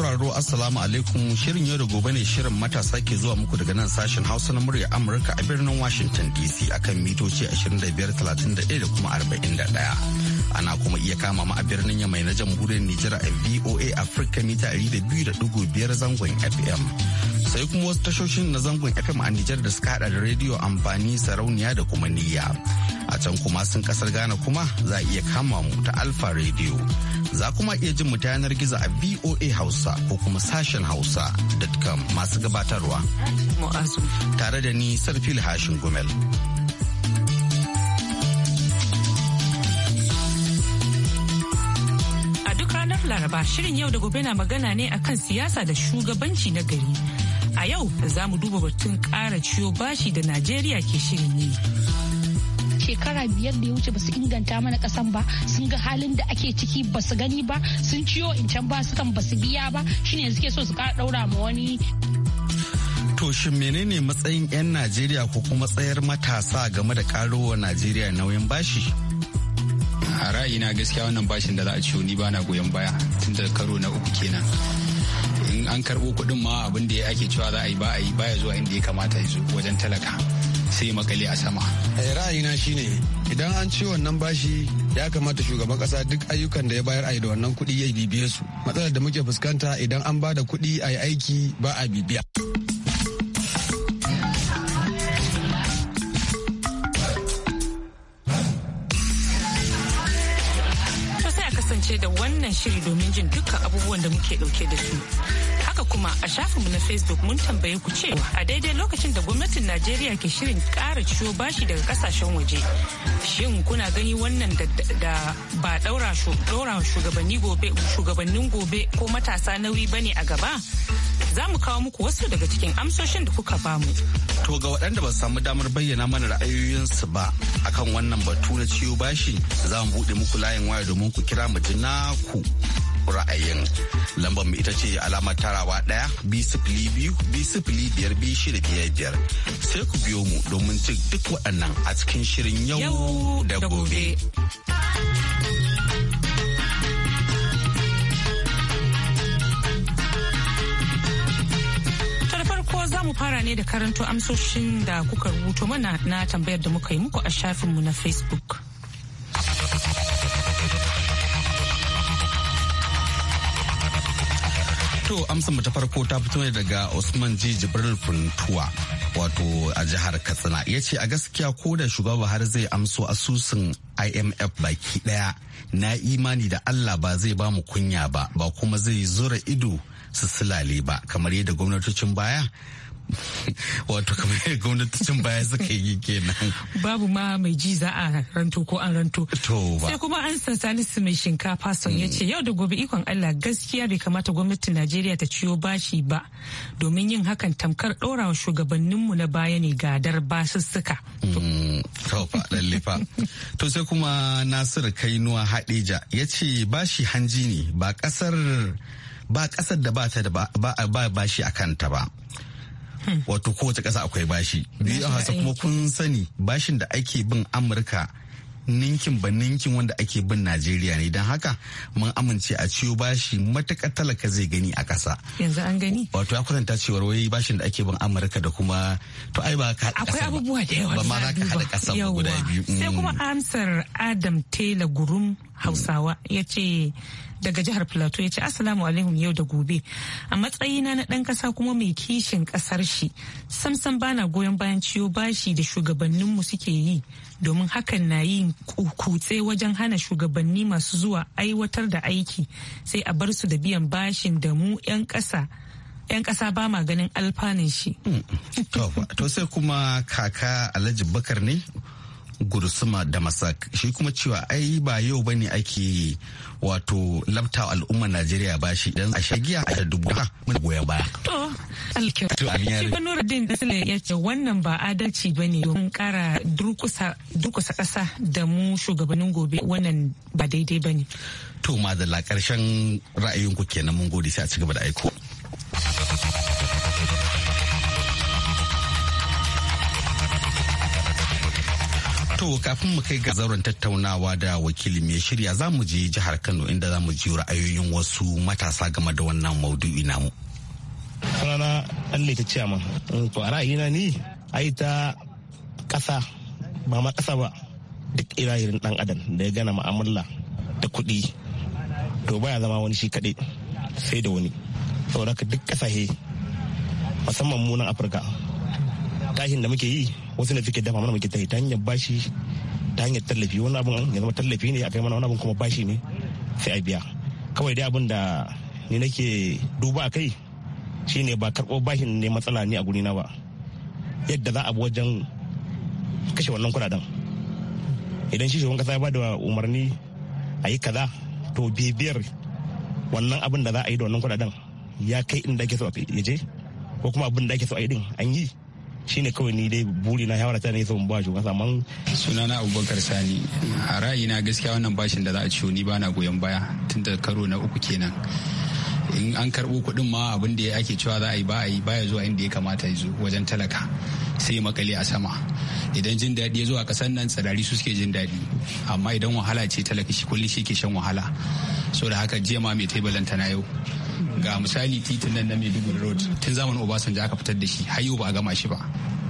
sauraro Assalamu alaikum shirin yau da gobe ne shirin matasa ke zuwa muku daga nan sashen Hausa na murya Amurka a birnin Washington DC akan mitoci 2531 da kuma 41. Ana kuma iya kama ma a birnin Yamai na jamhuriyar nijira a VOA Africa mita 200.5 zangon FM. Sai kuma wasu tashoshin na zangon FM a Nijar da suka hada da rediyo amfani sarauniya da kuma niyya. a can kuma sun kasar Ghana kuma za a iya kama mu ta Alfa Radio. Za kuma iya jin mu ta gizo a VOA Hausa ko kuma sashen Hausa.com masu gabatarwa. Tare da ni Sarfil Hashin Gumel. A duk ranar Laraba shirin yau da gobe na magana ne akan siyasa da shugabanci na gari. A yau za mu duba batun ƙara ciwo bashi da Najeriya ke shirin yi. shekara biyar da ya wuce basu inganta mana kasan ba sun ga halin da ake ciki basu gani ba sun ciyo in can ba su kan basu biya ba shine suke so su kara ɗaura ma wani To shin menene matsayin 'yan Najeriya ko kuma tsayar matasa game da karowa Najeriya nauyin bashi? A ra'ayina gaskiya wannan bashin da za a ciyo ni ba na goyon baya tun da karo na uku kenan. In an karɓo kuɗin ma abin da ake cewa za a yi ba a yi ba ya zuwa inda ya kamata ya zo wajen talaka. sai makale a sama. Eh, ra'ayina shine idan an ci wannan bashi ya kamata shugaban kasa duk ayyukan da ya bayar a yi da wannan kuɗi ya bibiye su matsalar da muke fuskanta idan an ba da kuɗi a yi aiki ba a bibiya. kasance da wannan shiri domin jin dukkan abubuwan da muke dauke da su. Haka kuma a shafinmu na Facebook mun tambaye ku cewa a daidai lokacin da gwamnatin Najeriya ke shirin kara ciwo bashi daga kasashen waje. Shin kuna gani wannan da ba daura shugabannin gobe ko matasa nauyi bane a gaba? za mu kawo muku wasu daga cikin amsoshin da kuka bamu. To ga waɗanda ba samu damar bayyana mana ra'ayoyinsu ba akan wannan batu na ciwo bashi za mu buɗe muku layin waya domin ku kira mu ji naku ra'ayin lambar mu ita ce alamar tarawa ɗaya bi biyu bi biyar bi shida biyar biyar sai ku biyo mu domin cin duk waɗannan a cikin shirin yau da gobe. fara ne da karanto amsoshin da kuka rubuto mana na tambayar da muka yi muku a shafinmu na facebook To amsa mu ta farko ta fito ne daga Usman Ji Jibril Funtuwa wato a jihar Katsina ya ce a gaskiya ko da shugaba har zai amso asusun IMF baki daya na imani da Allah ba zai ba mu kunya ba ba kuma zai zura ido su silale ba kamar yadda gwamnatocin baya wato kamar gwamnatocin baya suka yi kenan babu ma mai ji za a ranto ko an ranto To ba. sai kuma an san salisu mai shinkafa son ya ce yau da gobe ikon allah gaskiya bai kamata gwamnatin najeriya ta ciyo bashi ba domin yin hakan tamkar ɗorawa shugabanninmu na baya ne gadar basussuka mm, To lalle lallifa. To sai kuma Nasiru Kainuwa Hadeja ya ce bashi hanji ne ba kasar ba ƙasar da ba ta da ba bashi a kanta ba. wato kowace ƙasa akwai bashi biyu hasa kuma kun sani bashin da ake bin amurka ninkin ba ninkin wanda ake bin Najeriya ne don haka mun amince a ciyo bashi matuƙa talaka zai gani a ƙasa. Yanzu an gani? Wato ya kwatanta cewar wai bashin da ake bin Amurka da kuma to ai ba ka haɗa Akwai abubuwa da yawa. Ba ma za ka haɗa ƙasa ba guda biyu. Sai kuma mm. amsar Adam Taylor Gurum Hausawa ya ce daga jihar plateau ya ce assalamu alaikum yau da gobe a matsayina na ɗan ƙasa kuma mai kishin ƙasar shi samsam bana goyon bayan ciwo bashi da shugabanninmu suke yi domin hakan na yin kutse wajen hana shugabanni masu zuwa aiwatar da aiki sai a bar su da biyan bashin da mu 'yan ƙasa 'yan kasa ba ma ganin alfanin shi. Hmm. To sai kuma kaka Alhaji Bakar ne gursuma da masak shi kuma cewa ai ba yau bane ake wato labta al'ummar najeriya ba shi dan a shagiya a dubu ha mun goya baya to shi ba ya ce wannan ba adalci bane domin kara durkusa kasa da mu shugabannin gobe wannan ba daidai bane to ma da la karshen ra'ayinku kenan mun gode sai a ci gaba da aiko To kafin mu kai ga zauren tattaunawa da wakili mai shirya za mu je jihar Kano inda za mu ji ra'ayoyin wasu matasa game da wannan maudu'i namu. Sunana an ta ciyama. Mm, to a ra'ayina ni ai ta ƙasa ba ma ƙasa ba duk irayirin ɗan adam da ya gana ma'amala da kuɗi to baya zama wani shi kaɗai sai da wani. Saboda duk ƙasashe musamman munan Afirka tashin da muke yi wasu ne suke dafa mana muke ta hanyar bashi ta hanyar tallafi wani abun ya zama tallafi ne a kai mana wani abun kuma bashi ne sai a biya kawai dai abin da ni nake duba kai shine ba karɓo bashin ne matsala ne a guri na ba yadda za a bi wajen kashe wannan kudaden idan shi shugaban kasa ya bada umarni a yi kaza to bibiyar wannan abin da za a yi da wannan kudaden ya kai inda ake so a je ko kuma abin da ake so a yi din an yi shine kawai ni dai buri na shawara ta ne ba shugaban kasa man sunana Abubakar Sani a na gaskiya wannan bashin da za a ciyo ni bana goyon baya tunda karo na uku kenan in an karbo kuɗin ma abin da ake cewa za a yi ba a yi baya zuwa inda ya kamata ya zo wajen talaka sai makale a sama idan jin daɗi ya zo a ƙasar nan tsirari su suke jin daɗi amma idan wahala ce talaka shi kullum shi ke shan wahala so da haka jiya ma mai taibalanta na yau ga misali titin nan na maiduguri road tun zamanin obasanjo aka fitar da shi har yau ba a gama shi ba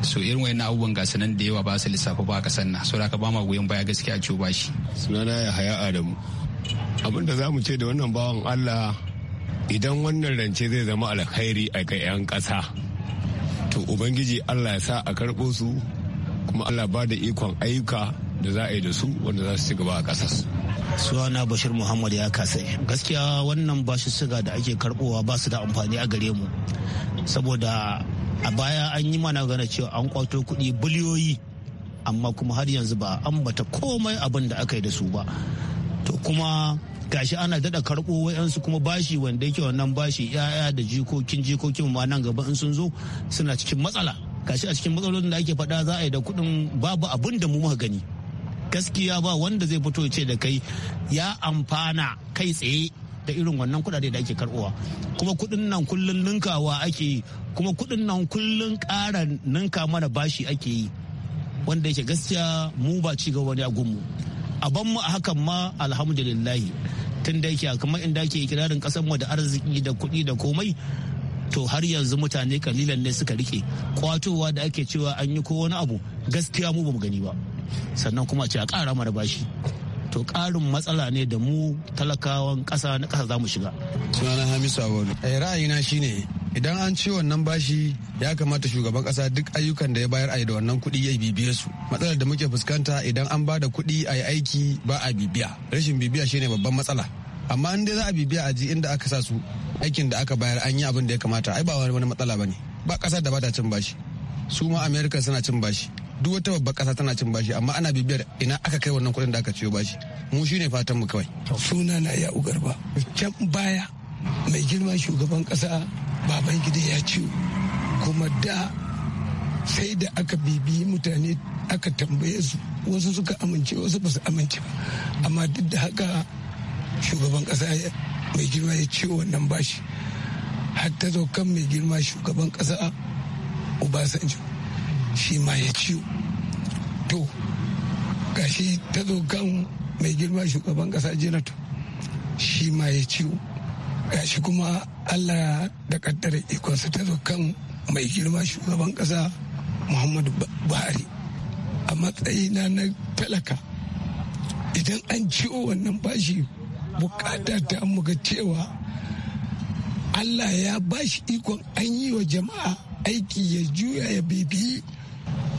so irin wayannan abubuwan ga sanan da yawa ba su lissafa ba ka sanna so da ka ba ma goyon baya gaskiya a ba shi sunana ya haya adamu abin da za ce da wannan bawan allah idan wannan rance zai zama alkhairi a ga 'yan kasa. to ubangiji allah ya sa a karɓo su kuma allah ba da ikon ayyuka da za a yi da su wanda za su ci gaba a ƙasar Suwana Bashir Muhammad ya kasai. Gaskiya wannan bashi suga da ake karbowa ba su da amfani a gare mu. Saboda a baya an yi mana gana cewa an kwato kuɗi biliyoyi amma kuma har yanzu ba an bata komai abin da aka yi da su ba. To kuma gashi ana daɗa karɓo wa'yansu kuma bashi wanda yake wannan bashi 'ya'ya da jikokin jikokin ma nan gaba in sun zo suna cikin matsala. gashi a cikin matsalolin da ake faɗa za a yi da kuɗin babu abin da mu muka gani gaskiya ba wanda zai fito ce da kai ya amfana kai tsaye da irin wannan kudade da ake karbowa kuma kudin nan kullun ninkawa ake yi kuma kudin nan kullun ƙara ninka mana bashi ake yi wanda yake gaskiya mu ba ci gaba ne a gunmu a ban mu a hakan ma alhamdulillahi tun da yake kamar inda ake kirarin kasar mu da arziki da kuɗi da komai to har yanzu mutane kalilan ne suka rike kwatowa da ake cewa an yi ko wani abu gaskiya mu ba mu gani ba sannan kuma ce a ƙara mana bashi to ƙarin matsala ne da mu talakawan ƙasa na ƙasa za mu shiga sunana hamisu abudu eh, ra'ayina ne idan an ci wannan bashi ya kamata shugaban ƙasa duk ayyukan da ya bayar a da wannan kuɗi ya bibiye su matsalar da muke fuskanta idan an ba da kuɗi a yi aiki ba a bibiya rashin bibiya shine babban matsala amma in dai za a bibiya a ji inda aka sa su aikin da aka bayar an yi abin da ya kamata ai ba wani matsala ba ne ba ƙasar da ba ta cin bashi su ma america suna cin bashi duk wata babbar kasa tana cin bashi amma ana bibiyar ina aka kai wannan kuɗin da aka ciyo bashi mu shine fatan mu kawai suna na ya ugar ba can baya mai girma shugaban kasa baban gida ya ciwo kuma da sai da aka bibi mutane aka tambaye su wasu suka amince wasu ba su amince amma duk da haka shugaban kasa mai girma ya ciwo wannan bashi har zo kan mai girma shugaban kasa ubasanjo shi ma ya ciwo to gashi ta zo kan mai girma shugaban kasa jinatu shi ma ya ciwo gashi kuma allah da kaddara ikonsa ta zo kan mai girma shugaban kasa muhammadu buhari a matsayina na talaka idan an ciwo wannan bashi bukata ta muga cewa allah ya bashi ikon an yi wa jama'a aiki ya juya ya bibi.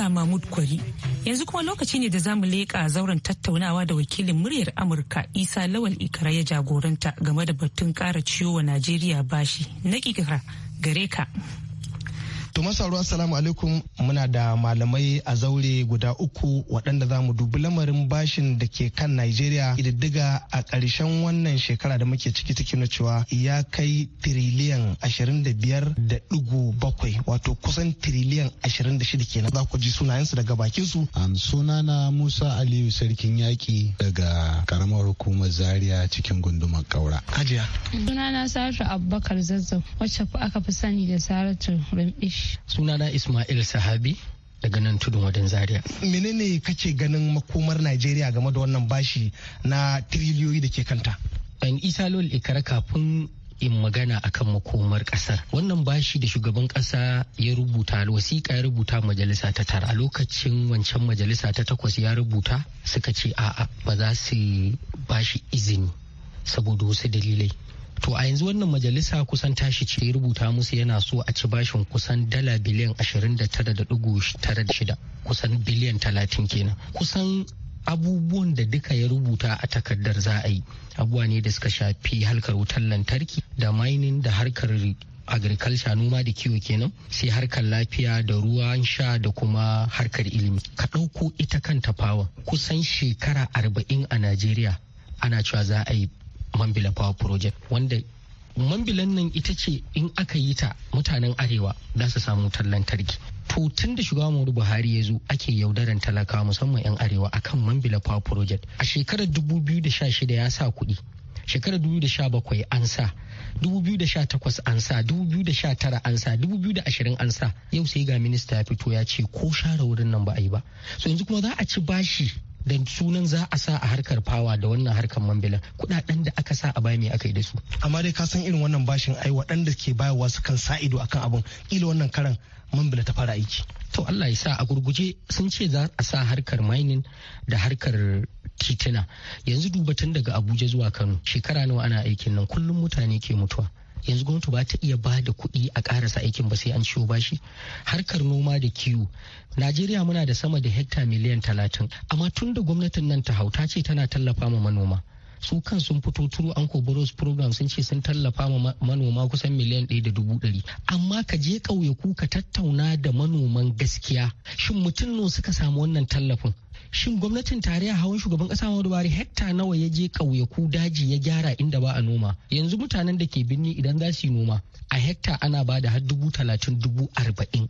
da Mahmud Kwari. Yanzu kuma lokaci ne da za mu leƙa zauren tattaunawa da wakilin muryar Amurka Isa Lawal Ikara ya jagoranta game da batun ƙara ciwo wa Najeriya bashi. Na gare ka. To masaru assalamu alaikum muna da malamai a zaure guda uku waɗanda za mu dubi lamarin bashin da ke kan Najeriya ƙididdiga a ƙarshen wannan shekara da muke ciki ciki na cewa ya kai tiriliyan ashirin da biyar da ɗigo bakwai wato kusan tiriliyan ashirin da shida kenan za ku ji sunayensu daga bakin su. suna sunana Musa Aliyu Sarkin Yaƙi daga karamar hukumar Zaria cikin gundumar Kaura. Hajiya. Sunana Saratu Abubakar Zazzau wacce aka fi sani da Saratu Rumbish. sunana ismail sahabi daga nan tudun wajen zaria menene kake ganin makomar najeriya game da wannan bashi na tiriliyoyi da ke kanta ɗan isa lol ikara kafin in magana akan makomar kasar wannan bashi da shugaban kasa ya rubuta wasiƙa ya rubuta majalisa ta tara a lokacin wancan majalisa ta takwas ya rubuta suka ce a'a ba za su bashi izini saboda wasu dalilai to a yanzu wannan majalisa kusan tashi ce ya rubuta musu yana so a ci bashin kusan dala biliyan 29.6 kusan biliyan 30 kenan kusan abubuwan da duka ya rubuta a takardar za a yi abubuwa ne da suka shafi halkar wutar lantarki da mining da harkar agriculture noma da kiwo kenan sai harkar lafiya da ruwan sha da kuma harkar ilimi ka ɗauko ita kanta fawa kusan shekara arba'in a najeriya ana cewa za a yi mambila power project wanda mambilan nan ita ce in aka yi ta mutanen arewa za su samu wutar lantarki to tun da shugaban Muhammadu Buhari ya zo ake yaudaran talakawa musamman 'yan arewa akan mambila power project a shekarar 2016 ya sa kuɗi shekarar 2017 an sa 2018 an sa 2019 an sa 2020 an sa yau sai ga minista ya fito ya ce ko share wurin nan ba a yi ba so yanzu kuma za a ci bashi da sunan za a sa a harkar fawa da wannan harkar mambila kudaden da aka sa a baya mai aka yi da su amma dai ka san irin wannan bashin ai waɗanda ke bayarwa su kan sa ido akan abun kila wannan karan mambila ta fara aiki to Allah ya sa a gurguje sun ce za a sa harkar mining da harkar titina yanzu duba tun daga Abuja zuwa Kano shekara nawa ana aikin nan kullum mutane ke mutuwa yanzu gwamnati ba ta iya ba da kuɗi a ƙarasa aikin ba sai an ciwo bashi harkar noma da kiwo najeriya muna da sama da hekta miliyan talatin amma tun da gwamnatin nan ta hauta ce tana tallafa ma manoma su kan sun fito turu an boros program sun ce sun tallafa ma manoma kusan miliyan ɗaya da dubu ɗari amma ka je ƙauyaku ka tattauna da manoman gaskiya shin mutum no suka samu wannan tallafin shin gwamnatin tarayya hawan shugaban ƙasa Muhammadu Buhari hekta nawa ya je ƙauyaku daji ya gyara inda ba a noma yanzu mutanen da ke birni idan za su yi noma a hekta ana ba da har dubu talatin dubu arba'in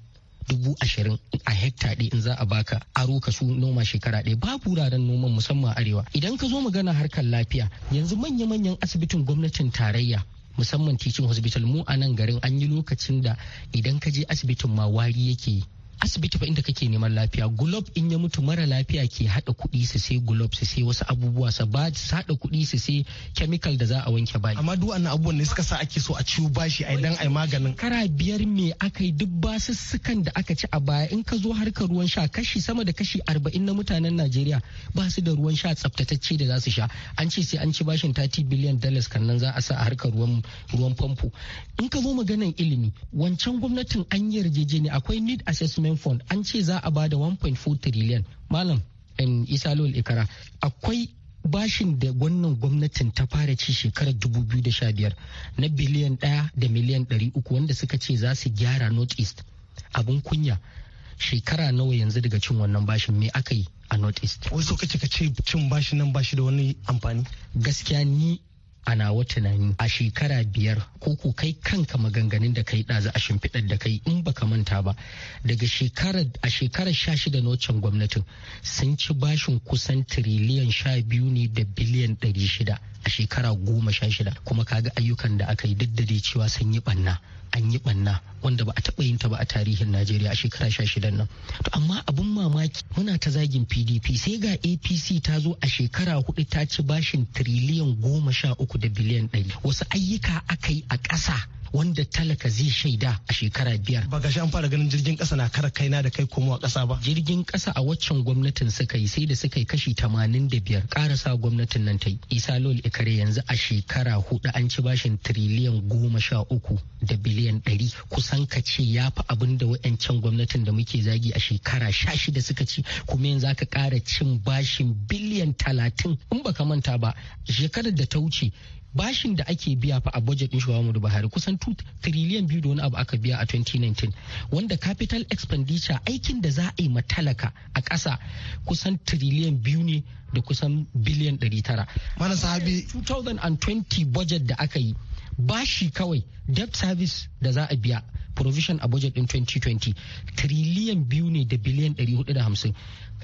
dubu ashirin a hekta ɗaya in za a baka aro ka su noma shekara ɗaya babu wuraren noman musamman arewa idan ka zo magana harkar lafiya yanzu manya-manyan asibitin gwamnatin tarayya musamman teaching hospital mu a nan garin an yi lokacin da idan ka je asibitin ma wari yake yi asibiti fa inda kake neman lafiya gulob in ya mutu mara lafiya ke hada kudi su sai gulob su sai wasu abubuwa sa ba su hada kudi su sai chemical da za a wanke bayi amma duk wannan abubuwan ne suka sa ake so a ciwo bashi ai dan ai maganin kara biyar me aka yi duk basussukan da aka ci a baya in ka zo harkar ruwan sha kashi sama da kashi arba'in na mutanen Najeriya ba su da ruwan sha tsaftatacce da za su sha an ce sai an ci bashin 30 billion dollars kannan za a sa a harkar ruwan ruwan famfo in ka zo maganan ilimi wancan gwamnatin an yarjejeniya akwai need assessment retirement fund an ce za a ba da 1.4 trillion malam isa lol ikara akwai bashin da wannan gwamnatin ta fara ci shekarar 2015 na biliyan 1 da miliyan 300 wanda suka ce za su gyara north east abin kunya shekara nawa yanzu daga cin wannan bashin me aka yi a north east wai so kace ka ce cin bashin nan bashi da wani amfani gaskiya ni Ana nawa tunani a shekara biyar ko ku kai kanka maganganun da kai ɗazu a shimfiɗar da kai in baka manta ba daga a shekarar sha shida na waccan gwamnatin sun ci bashin kusan tiriliyan sha biyu ne da biliyan ɗari shida a shekara goma sha shida kuma kaga ayyukan da aka yi duk da cewa sun yi ɓanna an yi ɓanna wanda ba a taɓa yin ta ba a tarihin Najeriya a shekara sha shidan nan. To amma abin mamaki muna ta zagin PDP sai ga APC ta zo a shekara hudu ta ci bashin tiriliyan goma sha uku uku da biliyan ɗari wasu ayyuka aka yi a ƙasa wanda talaka zai shaida a shekara biyar. Ba gashi an fara ganin jirgin ƙasa na kara kaina da kai komowa ƙasa ba. Jirgin ƙasa a waccan gwamnatin suka yi sai da suka yi kashi tamanin da biyar ƙarasa gwamnatin nan ta yi. Isa Lol Ikare yanzu a shekara hudu an ci bashin tiriliyan goma sha uku da biliyan ɗari kusan ka ce ya fi abin da wa'yancan gwamnatin da muke zagi a shekara sha shida suka ci kuma yanzu aka ƙara cin bashin biliyan talatin in baka manta ba shekarar da ta wuce bashin da ake biya fa a budget din shugaban Muhammadu Buhari kusan 2 trillion biyu da wani abu aka biya a 2019 wanda capital expenditure aikin da za a yi matalaka a ƙasa kusan trillion biyu ne da kusan biliyan 900 mana sahabi 2020 budget da aka yi bashi kawai debt service da za a biya provision a budget din 2020 trillion biyu ne da biliyan 450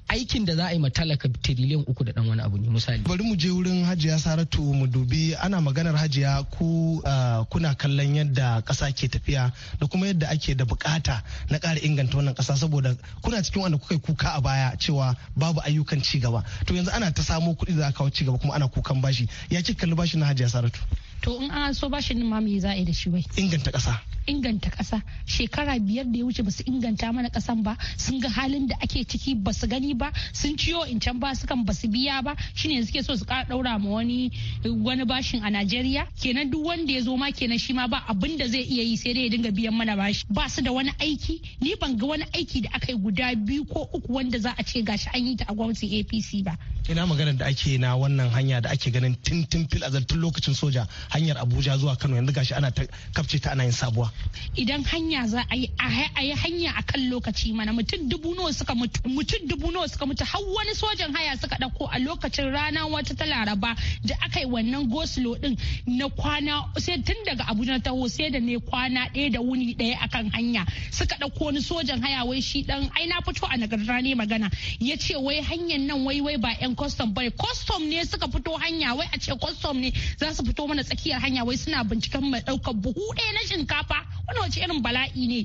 aikin da za a yi ma talaka tiriliyan uku da dan wani abu ne misali bari mu je wurin hajiya saratu mu dubi ana maganar hajiya ku uh, kuna kallon yadda kasa ke tafiya da kuma yadda ake da bukata na ƙara inganta wannan kasa saboda kuna cikin wanda kuka kuka a baya cewa babu ayyukan ci gaba to yanzu ana ta samo kuɗi da aka kawo ci kuma ana kukan bashi ya ki kalli bashi na hajiya saratu to in an so bashin ma me za a yi da shi bai inganta ƙasa inganta kasa shekara biyar da ya wuce basu inganta mana kasan ba sun ga halin da ake ciki basu gani ba sun ciyo in can ba sukan basu biya ba shine suke so su kara ɗaura ma wani wani bashin a Najeriya kenan duk wanda ya zo ma kenan shi ma ba abin da zai iya yi sai dai ya dinga biyan mana bashi ba su da wani aiki ni ban ga wani aiki da aka yi guda biyu ko uku wanda za a ce gashi an yi ta a gwamnatin APC ba ina magana da ake na wannan hanya da ake ganin tintin fil azal tun lokacin soja hanyar Abuja zuwa Kano yanzu gashi ana kafce ta ana yin sabuwa idan hanya za a yi a yi hanya a kan lokaci mana mutum dubu nawa suka mutu mutum dubu nawa suka mutu har wani sojan haya suka dauko a lokacin rana wata ta laraba da aka yi wannan goslo din na kwana sai tun daga abuja taho sai da ne kwana ɗaya da wuni ɗaya akan hanya suka dauko wani sojan haya wai shi dan ai na fito a nagarta ne magana ya ce wai hanyar nan wai wai ba yan custom bai custom ne suka fito hanya wai a ce custom ne za su fito mana tsakiyar hanya wai suna binciken mai daukar buhu ɗaya na shinkafa wani wace irin bala'i ne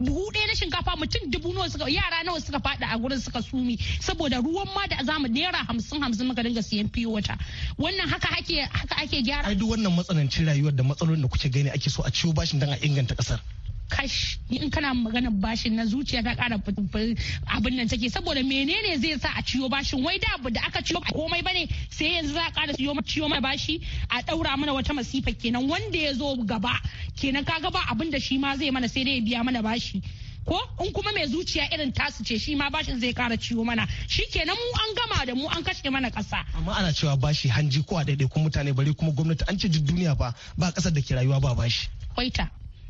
buhu ɗaya na shinkafa mutum dubu nawa suka yara nawa suka faɗa a gurin suka sumi saboda ruwan ma da zamu naira hamsin hamsin muka dinga siyan fiye wata wannan haka ake haka ake gyara ai duk wannan matsanancin rayuwar da matsalolin da kuke gani ake so a ciwo bashin dan a inganta kasar kash in kana magana bashin na zuciya ta kara abin nan take saboda menene zai sa a ciyo bashin wai da da aka ciyo komai bane sai yanzu za a kara ciyo ciyo mai bashi a daura mana wata masifa kenan wanda ya zo gaba kenan kaga ba abin da shi ma zai mana sai dai ya biya mana bashi ko in kuma mai zuciya irin tasu ce shi ma bashin zai kara ciwo mana shi kenan mu an gama da mu an kashe mana kasa amma ana cewa bashi hanji ko a daidai kun mutane bari kuma gwamnati an ce duk duniya ba ba kasar da ke rayuwa ba bashi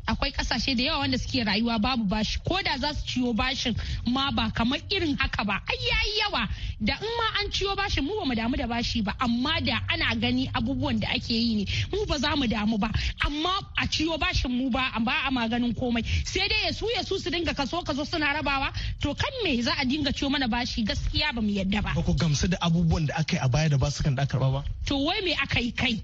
akwai kasashe da yawa wanda suke rayuwa babu bashi ko da za su ciyo bashin ma ba kamar irin haka ba ai yawa da in ma an ciyo bashin mu ba mu damu da bashi ba amma da ana gani abubuwan da ake yi ne mu ba za mu damu ba amma a ciyo bashin mu ba ba a maganin komai sai dai yasu yasu su dinga kaso kaso suna rabawa to kan me za a dinga ciyo mana bashi gaskiya ba mu yadda ba ba ku gamsu da abubuwan da aka yi a baya da ba su kan da aka karba ba to wai me aka yi kai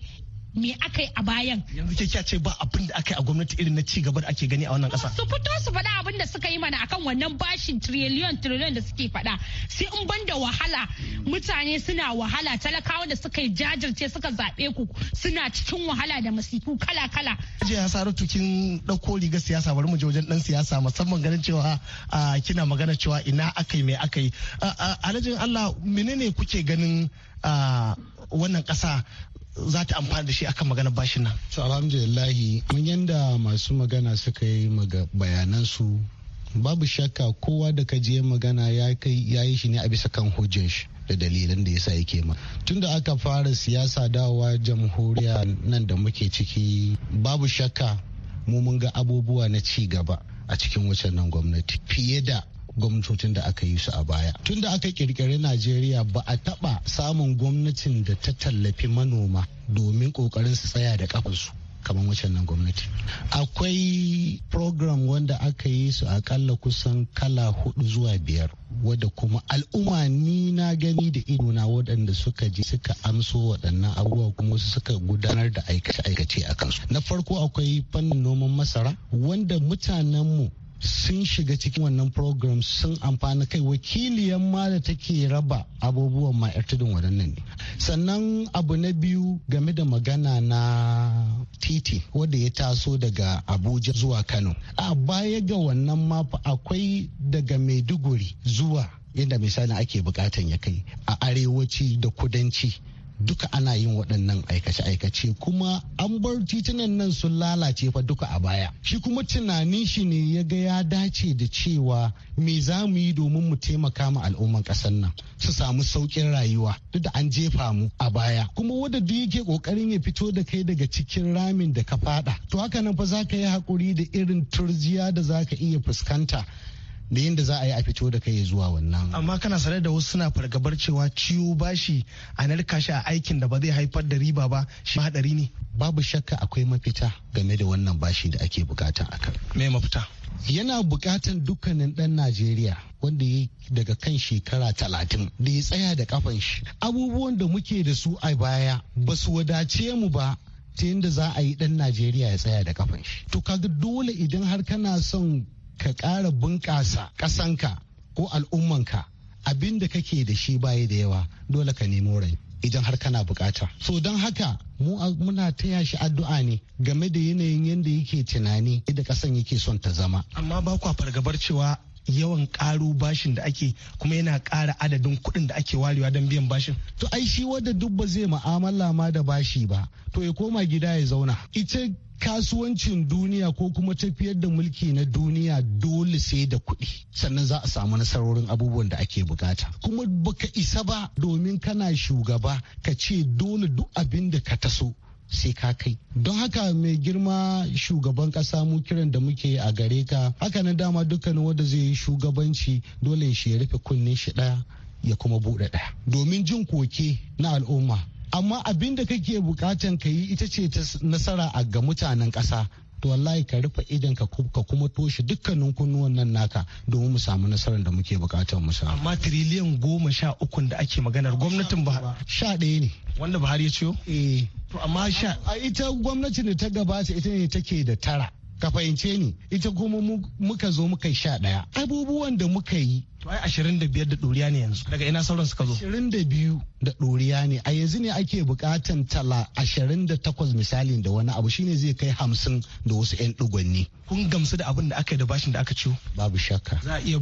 me aka yi a bayan yanzu ke kya ce ba abin da aka yi a gwamnati irin na ci gaba da ake gani a wannan kasa su fito su faɗa abin da suka yi mana akan wannan bashin tiriliyon tiriliyon da suke faɗa sai in ban da wahala mutane suna wahala talakawa da suka yi jajirce suka zaɓe ku suna cikin wahala da masifu kala kala je ya saru kin ɗauko riga siyasa bari mu je wajen ɗan siyasa musamman ganin cewa kina magana cewa ina aka yi me aka yi alhajin Allah menene kuke ganin wannan ƙasa za ta amfani da shi akan magana bashin nan. to alhamdulillahi mun yanda masu magana suka yi bayanan su babu shakka kowa da ka je magana ya yi shi ne a bisa kan hujjan shi da dalilan da yasa yake ma tunda aka fara siyasa dawowa jamhuriya nan da muke ciki babu shakka mu mun ga abubuwa na ci gaba a cikin wacan nan gwamnati fiye da gwamnatocin da aka yi su a baya tun da aka kirkiri najeriya ba a taɓa samun gwamnatin da ta tallafi manoma domin kokarin su tsaya da ƙafansu kamar wacan nan gwamnati akwai program wanda aka yi su akalla kusan kala hudu zuwa biyar wadda kuma al'umma ni na gani da idona waɗanda suka je suka amso waɗannan abubuwa kuma su suka gudanar da aikace-aikace a kansu na farko akwai fannin noman masara wanda mutanenmu sun shiga cikin wannan program sun amfana kai wakiliyan ma da take raba abubuwan ma tudun waɗannan ne sannan abu na biyu game da magana na titi wanda ya taso daga abuja zuwa kano a baya ga wannan ma akwai daga maiduguri zuwa yadda misalin ake bukatan ya kai a arewaci da kudanci duka ana yin waɗannan aikace-aikace kuma an bar titunan nan sun lalace fa duka a baya shi kuma tunanin shi ne ya ga ya dace da cewa me za mu yi domin mu taimaka ma al'umman ƙasar nan su samu sauƙin rayuwa duk da an jefa mu a baya kuma wanda duk yake ƙoƙarin ya fito da kai daga cikin ramin da ka faɗa to haka nan fa za ka yi haƙuri da irin turjiya da za ka iya fuskanta da yadda za a yi a fito da kai zuwa wannan amma kana sanar da wasu suna fargabar cewa ciwo bashi a narka shi a aikin da ba zai haifar da riba ba shi hadari ne babu shakka akwai mafita game da wannan bashi da ake bukata kan. me mafita yana bukatan dukkanin ɗan najeriya wanda ya daga kan shekara talatin da ya tsaya da kafan shi abubuwan da muke da su a baya ba su wadace mu ba ta yadda za a yi ɗan najeriya ya tsaya da kafan shi to kaga dole idan har kana son ka ƙara bunƙasa ƙasanka ko al'ummanka abin da kake da shi baya da yawa dole ka nemo rai idan har kana bukata. So don haka mu muna taya shi addu'a ne game da yanayin yadda yake tunani idan kasan yake son ta zama. Amma ba kwa fargabar cewa yawan karo bashin da ake kuma yana kara adadin kuɗin da ake warewa don biyan bashin. To ai shi wadda duk ba zai ma'amala ma da bashi ba to ya koma gida ya zauna. Ita kasuwancin duniya ko kuma tafiyar da mulki na duniya dole sai da kuɗi sannan za a samu nasarorin abubuwan da ake bukata kuma baka isa ba domin kana shugaba ka ce dole duk abin da ka taso sai ka kai don haka mai girma shugaban kasa mu kiran da muke a gare ka haka na dama dukkanin wanda zai yi shugabanci dole shi ya rufe kunnen shi ɗaya ya kuma buɗe ɗaya domin jin koke na al'umma amma abin da kake bukatan ka yi ita ce ta nasara a ga mutanen kasa. to wallahi ka rufe idan ka kuma toshe dukkanin kunnuwan nan naka domin mu samu nasarar da muke bukatan mu samu amma tiriliyan goma sha ukun da ake maganar gwamnatin ba sha ɗaya ne wanda buhari ya ciyo eh To amma sha. A ita gwamnatin da ta gabata ita ne take da tara. Ka fahimce ni ita kuma muka zo muka sha ɗaya. Abubuwan da muka yi. To ai ashirin da biyar da ɗoriya ne yanzu. Daga ina sauran suka zo. Ashirin da biyu da ɗoriya ne. A yanzu ne ake buƙatan tala ashirin da takwas misali da wani abu shine zai kai hamsin da wasu 'yan ɗigwanni. Kun gamsu da abin da aka yi da bashin da aka ciwo? Babu shakka. Za a iya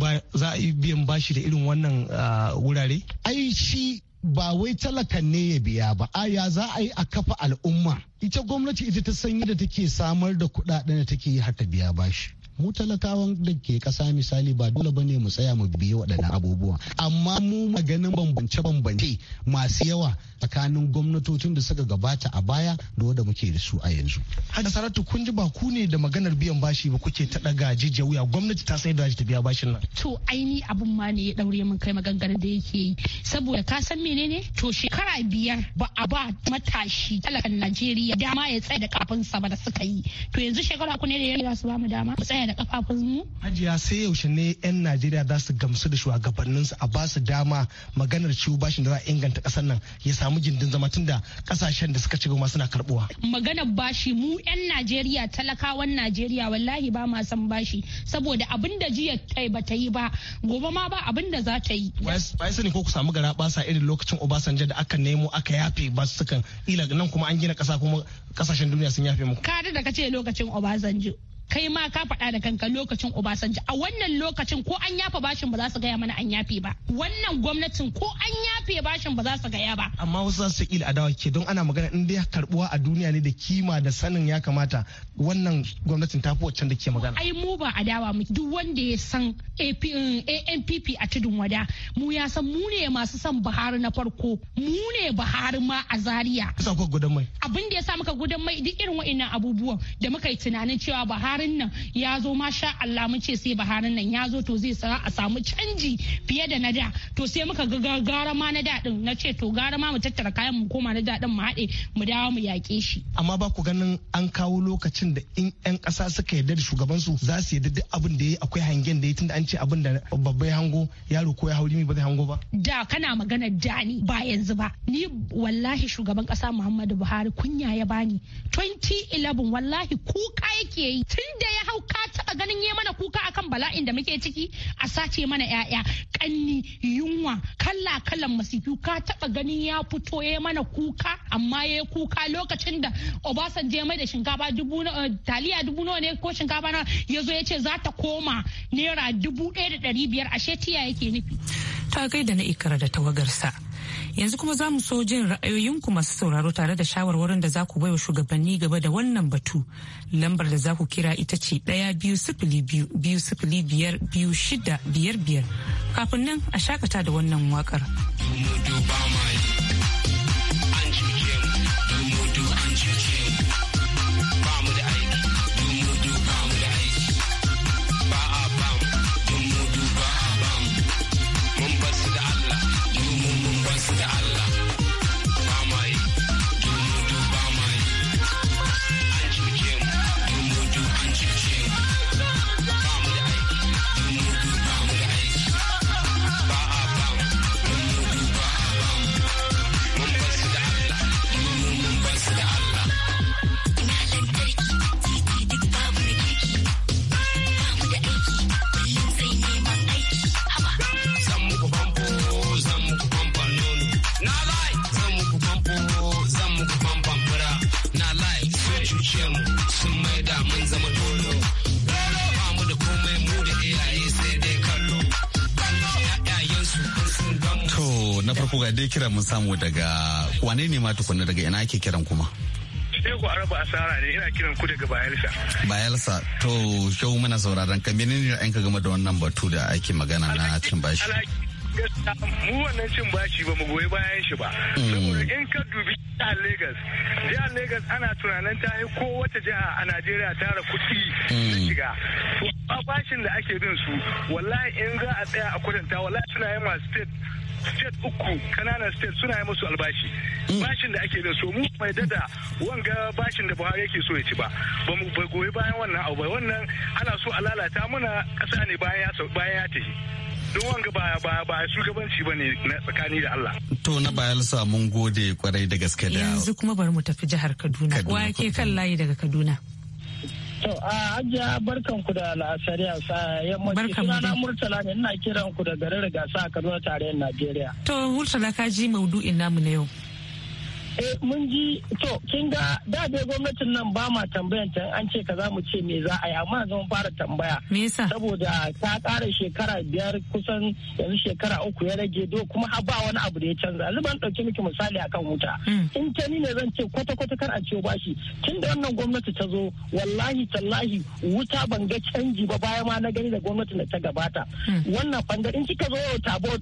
biyan bashi da irin wannan ah, wurare? Ai shi ba wai talakan ne ya biya ba a'ya za a yi a kafa al'umma ita gwamnati ita ta sanyi da take samar da kudaden da take yi haka biya bashi mu talakawan da ke kasa misali ba dole bane mu tsaya mu biye waɗannan abubuwa amma mu maganin bambance bambance masu yawa tsakanin gwamnatocin da suka gabata a baya da wanda muke da su a yanzu hajji saratu kun ji ba ku ne da maganar biyan bashi ba kuke ta daga jijiya wuya gwamnati ta sai da ta biya bashin nan to aini abun ma ne ya daure min kai maganganar da yake yi saboda ka san menene to shekara biyar ba a ba matashi talakan Najeriya dama ya tsaya da kafin sa ba da suka yi to yanzu shekara ku ne da za su ba mu dama da kafafun mu hajiya sai yaushe ne yan najeriya za su gamsu da shugabannin a ba su dama maganar ciwo bashin da za a inganta kasar nan ya samu gindin zama tunda kasashen da suka ci goma suna karbuwa maganar bashi mu yan najeriya talakawan najeriya wallahi ba ma san bashi saboda abin da jiya kai ba ta yi ba gobe ma ba abin da za ta yi bai sani ko ku samu gara basa irin lokacin obasanjo da aka nemo aka yafe ba su sukan ila nan kuma an gina kasa kuma kasashen duniya sun yafe muku kada da ka ce lokacin obasanjo kai ma ka faɗa da kanka lokacin Obasanjo a wannan lokacin ko an yafa bashin ba za su gaya mana an yafe ba wannan gwamnatin ko an yafe bashin ba za su gaya ba amma wasu za su adawa ke don ana magana in dai karbuwa a duniya ne da kima da sanin ya kamata wannan gwamnatin ta fi waccan da ke magana ai mu ba adawa mu duk wanda ya san ANPP eh, a tudun wada mu ya san mu ne masu son Buhari na farko mu ne Buhari ma a Zaria abin da ya sa muka gudan mai duk irin wa'annan abubuwan da muka yi tunanin cewa Buhari buharin nan ya zo masha Allah mun ce sai buharin nan ya zo to zai sa a samu canji fiye da na da to sai muka ga gara ma na da din na ce to gara ma mu tattara kayan mu koma na da din mu haɗe mu dawo mu yaƙe shi amma ba ku ganin an kawo lokacin da in yan ƙasa suka yarda da shugaban su za su yarda duk abin da yayi akwai hangen da yayi tunda an ce abin da babbai hango yaro ko ya hauri mai ba zai hango ba da kana magana da ni ba yanzu ba ni wallahi shugaban ƙasa Muhammadu Buhari kunya ya bani 2011 wallahi kuka yake yi tun da ya hau ka taba ganin ya mana kuka akan bala'in da muke ciki a sace mana yaya kanni yunwa kalla kallan masifu ka taba ganin ya fito ya mana kuka amma ya kuka lokacin da Obasanjo mai da shinkafa dubu eh, taliya dubu nawa ne ko shinkafa na ya zo ya ce za ta koma naira dubu ɗaya da ɗari biyar ashe tiya yake nufi. Ta gaida na ikara da tawagarsa. Yanzu kuma za mu so jin ra'ayoyinku masu sauraro tare da shawarwarin da za ku baiwa shugabanni gaba da wannan batu. Lambar da za ku kira ita ce ɗaya biyu sifili biyu biyu sifili biyar biyu shida biyar biyar. Kafin nan a shakata da wannan waƙar. kira mun samu daga wane ne ma tukunna daga ina ake kiran kuma sai eh, ku araba asara ne ina kiran ku daga bayelsa bayelsa to shau muna sauraron ka menene ra'ayinka game da wannan batu da ake magana na cin bashi mu wannan cin bashi ba mu goyi bayan shi ba mm. saboda in ka dubi jiha Legas jiha Legas ana tunanin ta yi ko wata jiha a Najeriya tara kuɗi na mm. shiga bashin da ake bin su wallahi in za a tsaya a kwatanta wallahi suna yi masu state state uku kananan state suna yi musu albashi mm. bashin da ake da so mu mai dada wanga bashin da buhari yake so ya ci ba ba mu goyi bayan wannan abu wannan ana so a lalata muna kasa ne bayan ya bayan ya tafi don wanga ba ba ba shugabanci bane na tsakani da Allah to na sa mun gode kwarai da gaske da yanzu kuma bari mu tafi jihar Kaduna wa yake kan layi daga Kaduna To a ajiya barkan ku da a sa yammaci sunana Murtala ne ina kiran ku da garin Rigasa a Kaduna tarayyar Najeriya. To Murtala ka ji maudu'in namu na yau. eh mun ji to kin ga da dai gwamnatin nan ba ma tambayan ta an ce ka za mu ce me za a yi amma zan fara tambaya saboda ta ƙara shekara biyar kusan yanzu shekara uku ya rage do kuma ha ba wani abu da ya canza yanzu ban ɗauki miki misali akan wuta hmm. in ta ni ne zan ce kwata kwata kar a ciwo bashi tun da wannan gwamnati ta zo wallahi tallahi wuta ban ga canji ba bayan ma na gani da gwamnati da ta gabata hmm. wannan fanga in kika zo wata board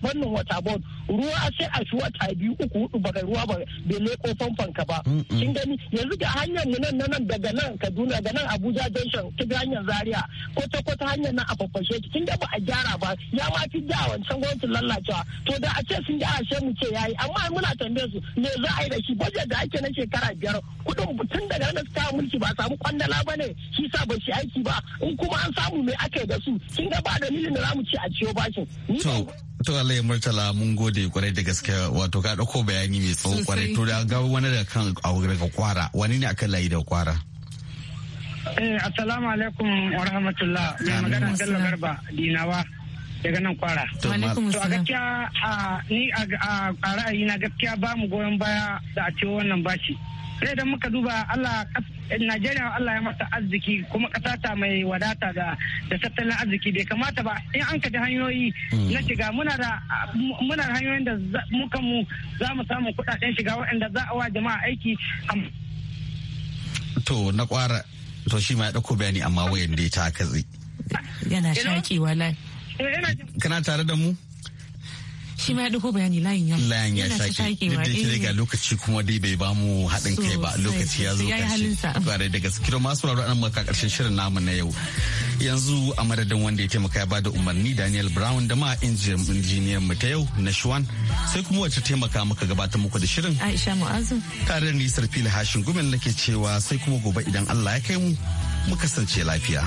fannin wata board ruwa sai a shi wata biyu uku hudu baka ruwa ba bai leko famfan ka ba kin gani yanzu ga hanyar mu nan nan daga nan Kaduna daga nan Abuja junction ta hanyar Zaria ko ta ko ta hanyar nan a fafashe ki kin ga ba a gyara ba ya ma fi da wancan gwamnatin lallacewa to da a ce sun gyara sai mu ce yayi amma muna tambaye su me za a yi da shi budget da ake na shekara biyar kudin tun daga nan suka mulki ba samu kwandala ba ne shi sa ba shi aiki ba in kuma an samu me aka yi da su kin ga ba dalilin da za mu ci a ciyo bashin. To, to Allah ya murtala mun gode kwarai da gaske wato ka ɗauko bayani mai tsawo kwarai to da ga wani da kan aure daga kwara wani ne akan layi daga kwara eh assalamu alaikum wa rahmatullah mai magana Bello Garba Dinawa daga nan kwara to a gaskiya ni a ra'ayi na gaskiya ba mu goyon baya da a ce wannan bashi sai idan muka duba Allah Najeriya Allah ya mata arziki kuma ƙasa ta mai wadata da da tattalin arziki bai kamata ba in an kaji hanyoyi hmm. na shiga muna da muna da hanyoyin da muka mu za mu samu kuɗaɗen shiga waɗanda za a wa jama'a aiki to na kwara to shi ma ya ɗauko bayani amma wayan da ta kazi yana shaƙi wala eh, kana tare da mu shi ma ya ɗauko bayani layin ya layin ya duk da shi eh. ga lokaci kuma dai bai ba mu haɗin kai ba lokaci ya zo karshe kwarai da gaske kiro masu rawar an maka karshen shirin namu na yau yanzu a madadin wanda ya taimaka ya bada umarni Daniel Brown da ma injiniyan mu ta yau na Shuan sai kuma wacce taimaka muka gabatar muku da shirin Aisha Mu'azu tare da nisar fili hashin gumin nake cewa sai kuma gobe idan Allah ya kai mu mu kasance lafiya.